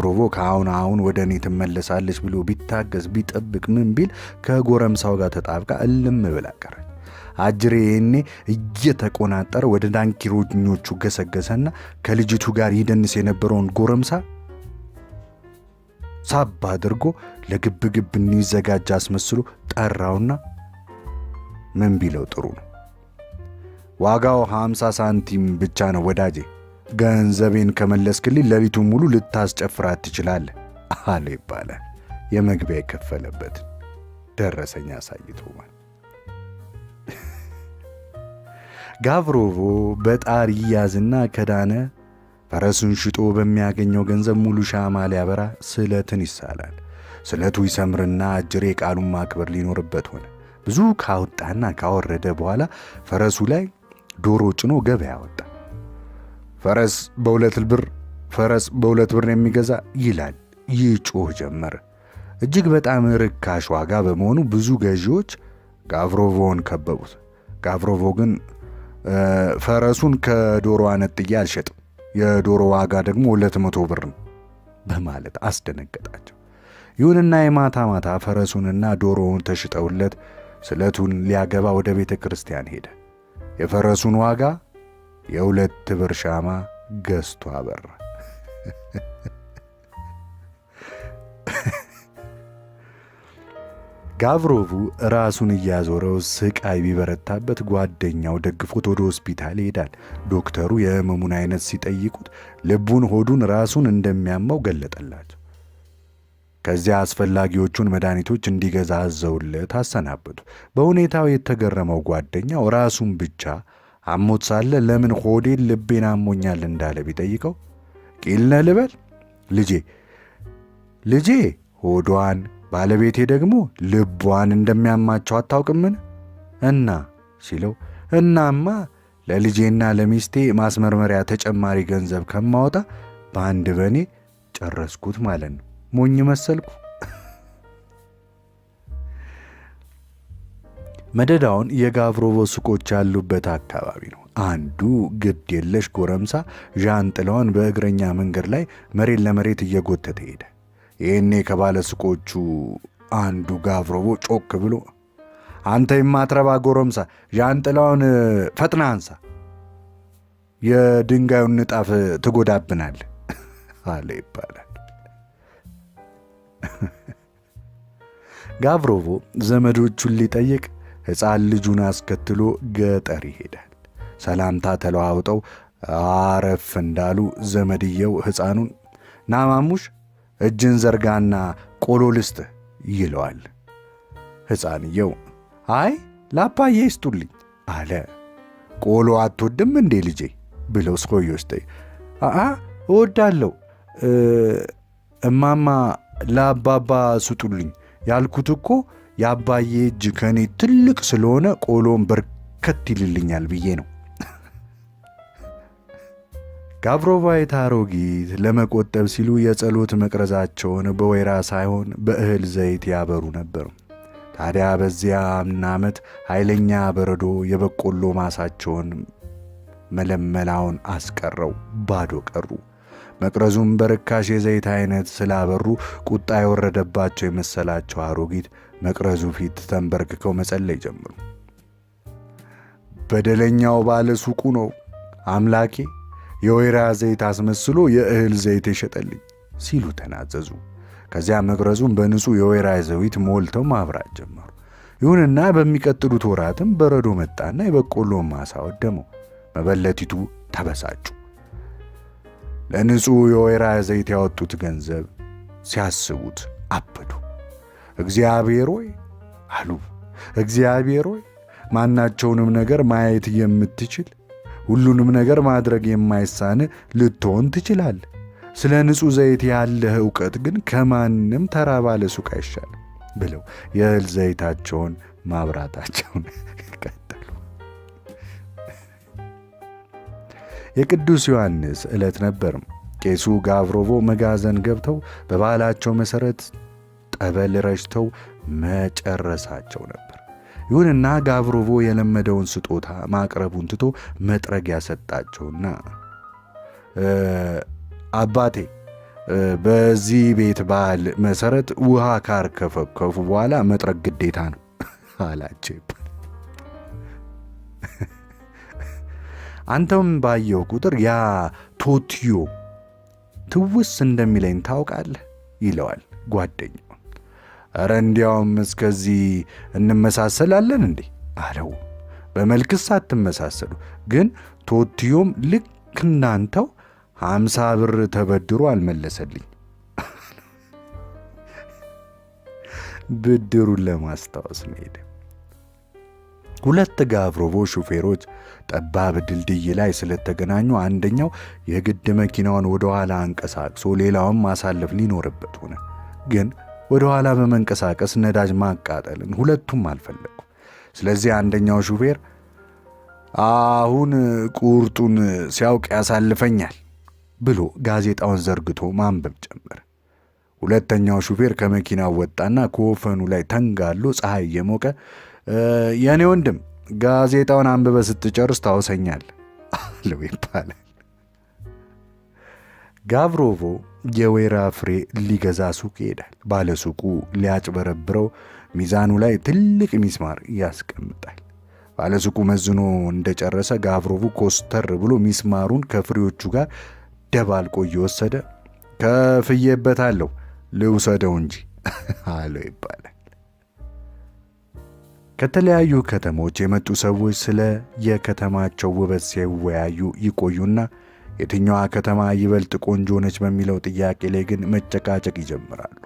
ላቭሮቮ ከአሁን አሁን ወደ እኔ ትመለሳለች ብሎ ቢታገዝ ቢጠብቅ ምን ቢል ከጎረምሳው ጋር ተጣብቃ እልም ብላ ቀረ። አጅሬ ይህኔ እየተቆናጠረ ወደ ዳንኪሮኞቹ ገሰገሰና ከልጅቱ ጋር ይደንስ የነበረውን ጎረምሳ ሳብ አድርጎ ለግብግብ እንዲዘጋጅ አስመስሎ ጠራውና ምን ቢለው ጥሩ ነው? ዋጋው ሃምሳ ሳንቲም ብቻ ነው ወዳጄ ገንዘቤን ከመለስክልኝ ሌሊቱን ሙሉ ልታስጨፍራት ትችላል አለ ይባላል። የመግቢያ የከፈለበት ደረሰኝ አሳይቶ ጋቭሮቮ በጣር ይያዝና ከዳነ ፈረሱን ሽጦ በሚያገኘው ገንዘብ ሙሉ ሻማ ሊያበራ ስለትን ይሳላል። ስለቱ ይሰምርና አጅሬ ቃሉን ማክበር ሊኖርበት ሆነ። ብዙ ካወጣና ካወረደ በኋላ ፈረሱ ላይ ዶሮ ጭኖ ገበያ ወጣ። ፈረስ በሁለት ብር ፈረስ በሁለት ብር የሚገዛ ይላል ይጮህ ጀመር። እጅግ በጣም ርካሽ ዋጋ በመሆኑ ብዙ ገዢዎች ጋቭሮቮን ከበቡት። ጋቭሮቮ ግን ፈረሱን ከዶሮዋ ነጥዬ አልሸጥም፣ የዶሮ ዋጋ ደግሞ ሁለት መቶ ብር ነው በማለት አስደነገጣቸው። ይሁንና የማታ ማታ ፈረሱንና ዶሮውን ተሽጠውለት ስለቱን ሊያገባ ወደ ቤተ ክርስቲያን ሄደ። የፈረሱን ዋጋ የሁለት ብር ሻማ ገዝቶ አበራ። ጋቭሮቭ ራሱን እያዞረው ስቃይ ቢበረታበት ጓደኛው ደግፎት ወደ ሆስፒታል ይሄዳል። ዶክተሩ የህመሙን አይነት ሲጠይቁት ልቡን፣ ሆዱን፣ ራሱን እንደሚያመው ገለጠላቸው። ከዚያ አስፈላጊዎቹን መድኃኒቶች እንዲገዛ አዘውለት አሰናበቱ። በሁኔታው የተገረመው ጓደኛው ራሱን ብቻ አሞት ሳለ ለምን ሆዴን ልቤን አሞኛል እንዳለ ቢጠይቀው ቂልነ ልበል ልጄ ልጄ ሆዷን ባለቤቴ ደግሞ ልቧን እንደሚያማቸው አታውቅምን እና ሲለው እናማ ለልጄና ለሚስቴ ማስመርመሪያ ተጨማሪ ገንዘብ ከማወጣ በአንድ በኔ ጨረስኩት ማለት ነው። ሞኝ መሰልኩ። መደዳውን የጋብሮቮ ሱቆች ያሉበት አካባቢ ነው። አንዱ ግድ የለሽ ጎረምሳ ዣንጥላውን በእግረኛ መንገድ ላይ መሬት ለመሬት እየጎተተ ሄደ። ይህኔ ከባለ ሱቆቹ አንዱ ጋብሮቮ ጮክ ብሎ አንተ የማትረባ ጎረምሳ ዣንጥላውን ፈጥና አንሳ፣ የድንጋዩን ንጣፍ ትጎዳብናል አለ ይባላል። ጋብሮቮ ዘመዶቹን ሊጠይቅ ሕፃን ልጁን አስከትሎ ገጠር ይሄዳል። ሰላምታ ተለዋውጠው አረፍ እንዳሉ ዘመድየው ሕፃኑን ናማሙሽ እጅን ዘርጋና ቆሎ ልስጥ ይለዋል። ሕፃንየው አይ ላባዬ ይስጡልኝ አለ። ቆሎ አትወድም እንዴ ልጄ ብለው ስኮዮ ስጠ አአ እወዳለሁ እማማ ለአባባ ስጡልኝ ያልኩት እኮ የአባዬ እጅ ከኔ ትልቅ ስለሆነ ቆሎም በርከት ይልልኛል ብዬ ነው። ጋብሮቫይት አሮጊት ለመቆጠብ ሲሉ የጸሎት መቅረዛቸውን በወይራ ሳይሆን በእህል ዘይት ያበሩ ነበር። ታዲያ በዚያ አምና ዓመት ኃይለኛ በረዶ የበቆሎ ማሳቸውን መለመላውን አስቀረው፣ ባዶ ቀሩ። መቅረዙም በርካሽ የዘይት አይነት ስላበሩ ቁጣ የወረደባቸው የመሰላቸው አሮጊት መቅረዙ ፊት ተንበርክከው መጸለይ ጀምሩ። በደለኛው ባለ ሱቁ ነው አምላኬ የወይራ ዘይት አስመስሎ የእህል ዘይት የሸጠልኝ ሲሉ ተናዘዙ። ከዚያ መቅረዙም በንጹሕ የወይራ ዘይት ሞልተው ማብራት ጀመሩ። ይሁንና በሚቀጥሉት ወራትም በረዶ መጣና የበቆሎ ማሳ ወደመው። መበለቲቱ ተበሳጩ። ለንጹሕ የወይራ ዘይት ያወጡት ገንዘብ ሲያስቡት አበዱ። እግዚአብሔር ሆይ አሉ። እግዚአብሔር ሆይ ማናቸውንም ነገር ማየት የምትችል ሁሉንም ነገር ማድረግ የማይሳን ልትሆን ትችላል። ስለ ንጹሕ ዘይት ያለህ ዕውቀት ግን ከማንም ተራ ባለ ሱቅ አይሻል ብለው የእህል ዘይታቸውን ማብራታቸውን የቅዱስ ዮሐንስ ዕለት ነበር። ቄሱ ጋብሮቮ መጋዘን ገብተው በባህላቸው መሠረት ጠበል ረጭተው መጨረሳቸው ነበር። ይሁንና ጋብሮቮ የለመደውን ስጦታ ማቅረቡን ትቶ መጥረጊያ ሰጣቸውና አባቴ በዚህ ቤት ባህል መሠረት ውሃ ካርከፈከፉ በኋላ መጥረግ ግዴታ ነው አላቸው። አንተም ባየው ቁጥር ያ ቶትዮ ትውስ እንደሚለኝ ታውቃለህ ይለዋል ጓደኛው። እረ እንዲያውም እስከዚህ እንመሳሰላለን እንዴ አለው። በመልክስ አትመሳሰሉ፣ ግን ቶትዮም ልክ እናንተው ሀምሳ ብር ተበድሮ አልመለሰልኝ። ብድሩን ለማስታወስ ሄደ። ሁለት ጋቭሮቮ ሹፌሮች ጠባብ ድልድይ ላይ ስለተገናኙ አንደኛው የግድ መኪናውን ወደ ኋላ አንቀሳቅሶ ሌላውም ማሳለፍ ሊኖርበት ሆነ። ግን ወደ ኋላ በመንቀሳቀስ ነዳጅ ማቃጠልን ሁለቱም አልፈለጉ። ስለዚህ አንደኛው ሹፌር አሁን ቁርጡን ሲያውቅ ያሳልፈኛል ብሎ ጋዜጣውን ዘርግቶ ማንበብ ጀመረ። ሁለተኛው ሹፌር ከመኪናው ወጣና ከወፈኑ ላይ ተንጋሎ ፀሐይ እየሞቀ የእኔ ወንድም ጋዜጣውን አንብበ ስትጨርስ ታውሰኛል አለው ይባላል። ጋብሮቮ የወይራ ፍሬ ሊገዛ ሱቅ ይሄዳል። ባለ ሱቁ ሊያጭበረብረው ሚዛኑ ላይ ትልቅ ሚስማር ያስቀምጣል። ባለሱቁ መዝኖ እንደጨረሰ ጋብሮቮ ኮስተር ብሎ ሚስማሩን ከፍሬዎቹ ጋር ደባልቆ እየወሰደ ከፍዬበታለሁ ልውሰደው እንጂ አለው ይባላል። ከተለያዩ ከተሞች የመጡ ሰዎች ስለ የከተማቸው ውበት ሲወያዩ ይቆዩና የትኛዋ ከተማ ይበልጥ ቆንጆ ነች በሚለው ጥያቄ ላይ ግን መጨቃጨቅ ይጀምራሉ።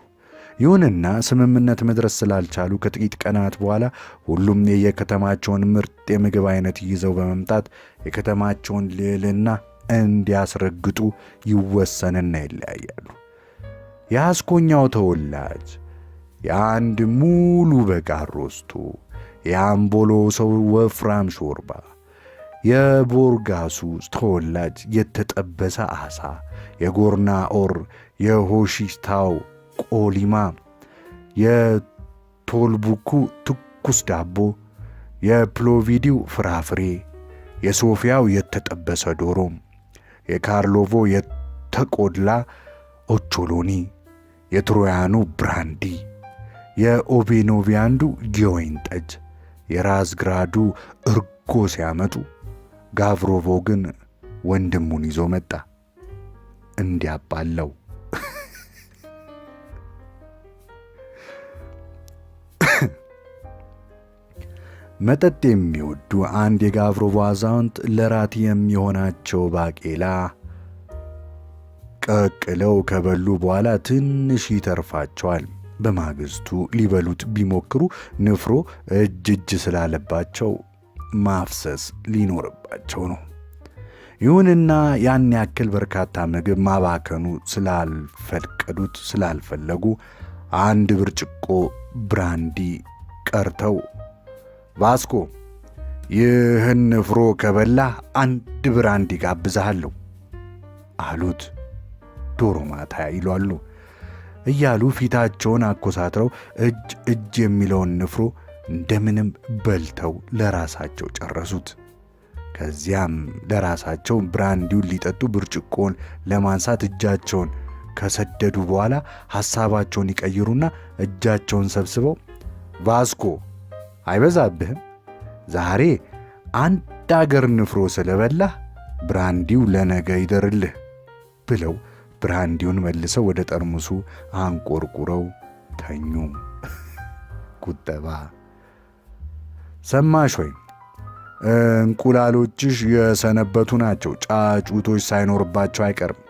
ይሁንና ስምምነት መድረስ ስላልቻሉ ከጥቂት ቀናት በኋላ ሁሉም የየከተማቸውን ምርጥ የምግብ አይነት ይዘው በመምጣት የከተማቸውን ልዕልና እንዲያስረግጡ ይወሰንና ይለያያሉ። የአስኮኛው ተወላጅ የአንድ ሙሉ በግ አሮስቶ የአምቦሎ ሰው ወፍራም ሾርባ፣ የቦርጋሱ ተወላጅ የተጠበሰ አሳ፣ የጎርና ኦር የሆሺስታው ቆሊማ፣ የቶልቡኩ ትኩስ ዳቦ፣ የፕሎቪዲው ፍራፍሬ፣ የሶፊያው የተጠበሰ ዶሮ፣ የካርሎቮ የተቆላ ኦቾሎኒ፣ የትሮያኑ ብራንዲ፣ የኦቬኖቪያንዱ ጊዮይን ጠጅ የራስ ግራዱ እርጎ ሲያመጡ ጋቭሮቮ ግን ወንድሙን ይዞ መጣ። እንዲያባለው መጠጥ የሚወዱ አንድ የጋቭሮቮ አዛውንት ለራት የሚሆናቸው ባቄላ ቀቅለው ከበሉ በኋላ ትንሽ ይተርፋቸዋል። በማግስቱ ሊበሉት ቢሞክሩ ንፍሮ እጅ እጅ ስላለባቸው ማፍሰስ ሊኖርባቸው ነው። ይሁንና ያን ያክል በርካታ ምግብ ማባከኑ ስላልፈቀዱት ስላልፈለጉ አንድ ብርጭቆ ብራንዲ ቀርተው ቫስኮ ይህን ንፍሮ ከበላ አንድ ብራንዲ ጋብዛሃለሁ አሉት። ዶሮ ማታ ይሏሉ። እያሉ ፊታቸውን አኮሳትረው እጅ እጅ የሚለውን ንፍሮ እንደምንም በልተው ለራሳቸው ጨረሱት። ከዚያም ለራሳቸው ብራንዲውን ሊጠጡ ብርጭቆን ለማንሳት እጃቸውን ከሰደዱ በኋላ ሐሳባቸውን ይቀይሩና እጃቸውን ሰብስበው ቫስኮ አይበዛብህም፣ ዛሬ አንድ አገር ንፍሮ ስለበላህ ብራንዲው ለነገ ይደርልህ ብለው ብርሃን እንዲሆን መልሰው ወደ ጠርሙሱ አንቆርቁረው ተኙ። ቁጠባ ሰማሽ ሆይ እንቁላሎችሽ የሰነበቱ ናቸው፣ ጫጩቶች ሳይኖርባቸው አይቀርም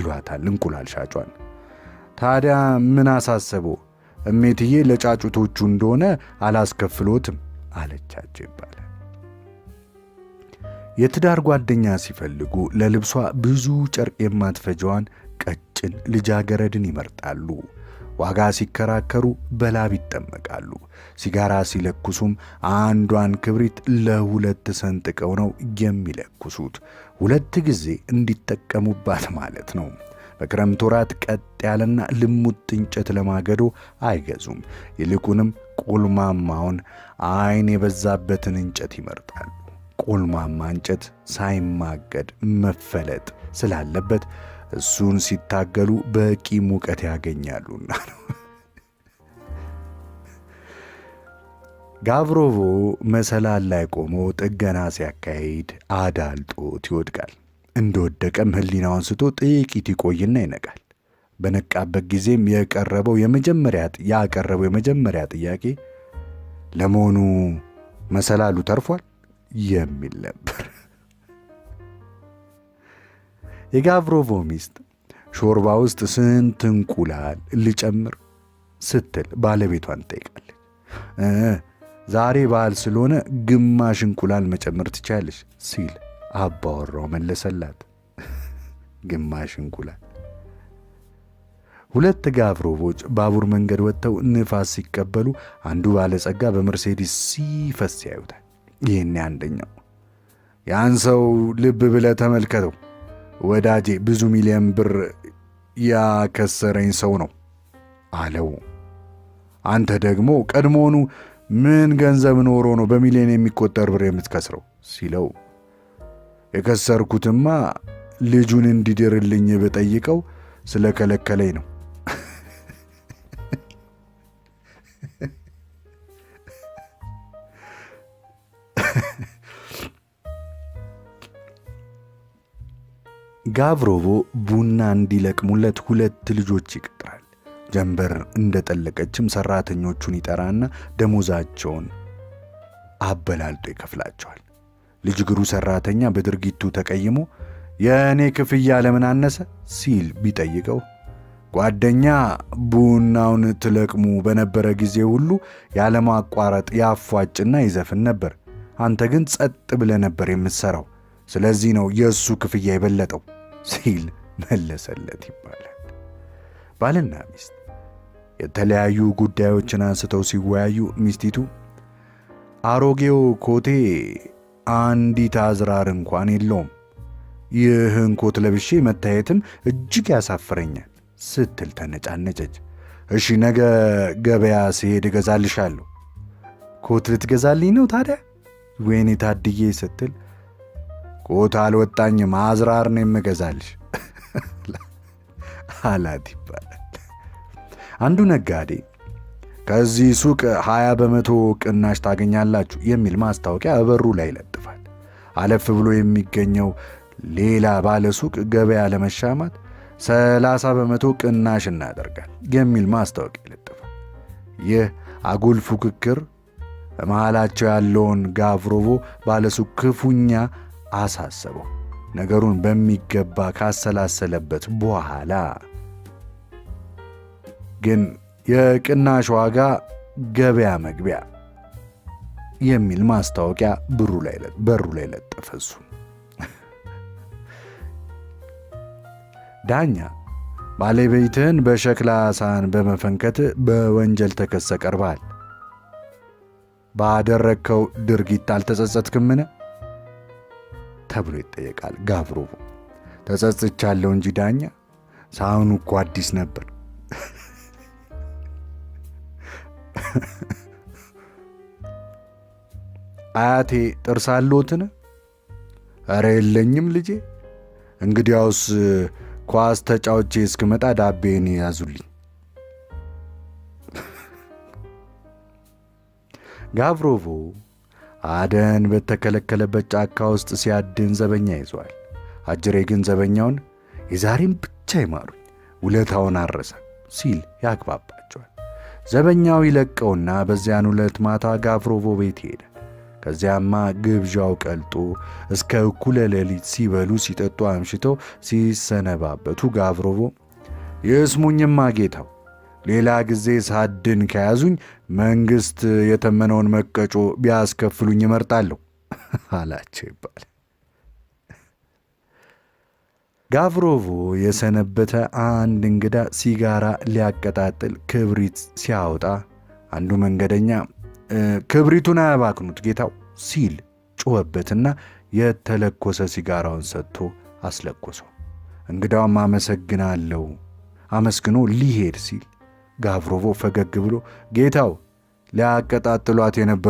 ይሏታል እንቁላል ሻጯን። ታዲያ ምን አሳሰበው? እሜትዬ ለጫጩቶቹ እንደሆነ አላስከፍሎትም አለቻቸው ይባላል። የትዳር ጓደኛ ሲፈልጉ ለልብሷ ብዙ ጨርቅ የማትፈጀዋን ቀጭን ልጃገረድን ይመርጣሉ። ዋጋ ሲከራከሩ በላብ ይጠመቃሉ። ሲጋራ ሲለኩሱም አንዷን ክብሪት ለሁለት ሰንጥቀው ነው የሚለኩሱት። ሁለት ጊዜ እንዲጠቀሙባት ማለት ነው። በክረምት ወራት ቀጥ ያለና ልሙጥ እንጨት ለማገዶ አይገዙም። ይልቁንም ቁልማማውን ዓይን የበዛበትን እንጨት ይመርጣሉ። ቆልማማ እንጨት ሳይማገድ መፈለጥ ስላለበት እሱን ሲታገሉ በቂ ሙቀት ያገኛሉና ነው። ጋብሮቮ መሰላል ላይ ቆሞ ጥገና ሲያካሂድ አዳልጦት ይወድቃል። እንደወደቀም ሕሊናውን ስቶ ጥቂት ይቆይና ይነቃል። በነቃበት ጊዜም የቀረበው የመጀመሪያ ያቀረበው የመጀመሪያ ጥያቄ ለመሆኑ መሰላሉ ተርፏል የሚል ነበር። የጋብሮቮ ሚስት ሾርባ ውስጥ ስንት እንቁላል ልጨምር ስትል ባለቤቷን ትጠይቃለች። ዛሬ በዓል ስለሆነ ግማሽ እንቁላል መጨመር ትቻለች ሲል አባወራው መለሰላት። ግማሽ እንቁላል። ሁለት ጋብሮቮች ባቡር መንገድ ወጥተው ንፋስ ሲቀበሉ አንዱ ባለጸጋ በመርሴዲስ ሲፈስ ያዩታል። ይህን አንደኛው ያን ሰው ልብ ብለ ተመልከተው ወዳጄ፣ ብዙ ሚሊዮን ብር ያከሰረኝ ሰው ነው አለው። አንተ ደግሞ ቀድሞኑ ምን ገንዘብ ኖሮ ነው በሚሊዮን የሚቆጠር ብር የምትከስረው ሲለው የከሰርኩትማ ልጁን እንዲድርልኝ ብጠይቀው ስለከለከለኝ ነው ጋቭሮቮ ቡና እንዲለቅሙለት ሁለት ልጆች ይቀጥራል። ጀንበር እንደጠለቀችም ሰራተኞቹን ይጠራና ደሞዛቸውን አበላልጦ ይከፍላቸዋል። ልጅ ግሩ ሰራተኛ በድርጊቱ ተቀይሞ የእኔ ክፍያ ለምን አነሰ ሲል ቢጠይቀው ጓደኛ ቡናውን ትለቅሙ በነበረ ጊዜ ሁሉ ያለማቋረጥ ያፏጭና ይዘፍን ነበር። አንተ ግን ጸጥ ብለህ ነበር የምትሠራው። ስለዚህ ነው የእሱ ክፍያ የበለጠው ሲል መለሰለት ይባላል። ባልና ሚስት የተለያዩ ጉዳዮችን አንስተው ሲወያዩ ሚስቲቱ አሮጌው ኮቴ አንዲት አዝራር እንኳን የለውም፣ ይህን ኮት ለብሼ መታየትም እጅግ ያሳፍረኛል ስትል ተነጫነጨች። እሺ ነገ ገበያ ስሄድ እገዛልሻለሁ። ኮት ልትገዛልኝ ነው ታዲያ? ወይኔ ታድዬ ስትል ኮት አልወጣኝም፣ አዝራር ነው የምገዛልሽ አላት ይባላል። አንዱ ነጋዴ ከዚህ ሱቅ ሀያ በመቶ ቅናሽ ታገኛላችሁ የሚል ማስታወቂያ በሩ ላይ ይለጥፋል። አለፍ ብሎ የሚገኘው ሌላ ባለ ሱቅ ገበያ ለመሻማት ሰላሳ በመቶ ቅናሽ እናደርጋል የሚል ማስታወቂያ ይለጥፋል። ይህ አጉል ፉክክር መሃላቸው ያለውን ጋቭሮቮ ባለሱቅ ክፉኛ አሳሰበው። ነገሩን በሚገባ ካሰላሰለበት በኋላ ግን የቅናሽ ዋጋ ገበያ መግቢያ የሚል ማስታወቂያ ብሩ ላይ በሩ ላይ ለጠፈ። እሱ ዳኛ ባለቤትህን በሸክላ ሳህን በመፈንከት በወንጀል ተከሰ ቀርበሃል። ባደረግከው ድርጊት አልተጸጸትክምን? ተብሎ ይጠየቃል። ጋቭሮቭ ተጸጽቻለሁ እንጂ ዳኛ ሳህኑ እኮ አዲስ ነበር። አያቴ ጥርስ አለዎትን? እረ የለኝም ልጄ። እንግዲያውስ ኳስ ተጫውቼ እስክመጣ ዳቤን ያዙልኝ። ጋቭሮቮ አደን በተከለከለበት ጫካ ውስጥ ሲያድን ዘበኛ ይዟል። አጅሬ ግን ዘበኛውን የዛሬም ብቻ ይማሩኝ፣ ውለታውን አረሰ ሲል ያግባባቸዋል። ዘበኛው ይለቀውና በዚያን ሁለት ማታ ጋፍሮቮ ቤት ሄደ። ከዚያማ ግብዣው ቀልጦ እስከ እኩለ ሌሊት ሲበሉ ሲጠጡ አምሽተው ሲሰነባበቱ ጋፍሮቮ ይስሙኝማ ጌታው፣ ሌላ ጊዜ ሳድን ከያዙኝ መንግስት የተመነውን መቀጮ ቢያስከፍሉኝ ይመርጣለሁ አላቸው ይባል። ጋቭሮቮ የሰነበተ አንድ እንግዳ ሲጋራ ሊያቀጣጥል ክብሪት ሲያወጣ አንዱ መንገደኛ ክብሪቱን አያባክኑት ጌታው ሲል ጩኸበትና የተለኮሰ ሲጋራውን ሰጥቶ አስለኮሰው። እንግዳውም አመሰግናለሁ አመስግኖ ሊሄድ ሲል ጋቭሮቮ ፈገግ ብሎ ጌታው ሊያቀጣጥሏት የነበሩ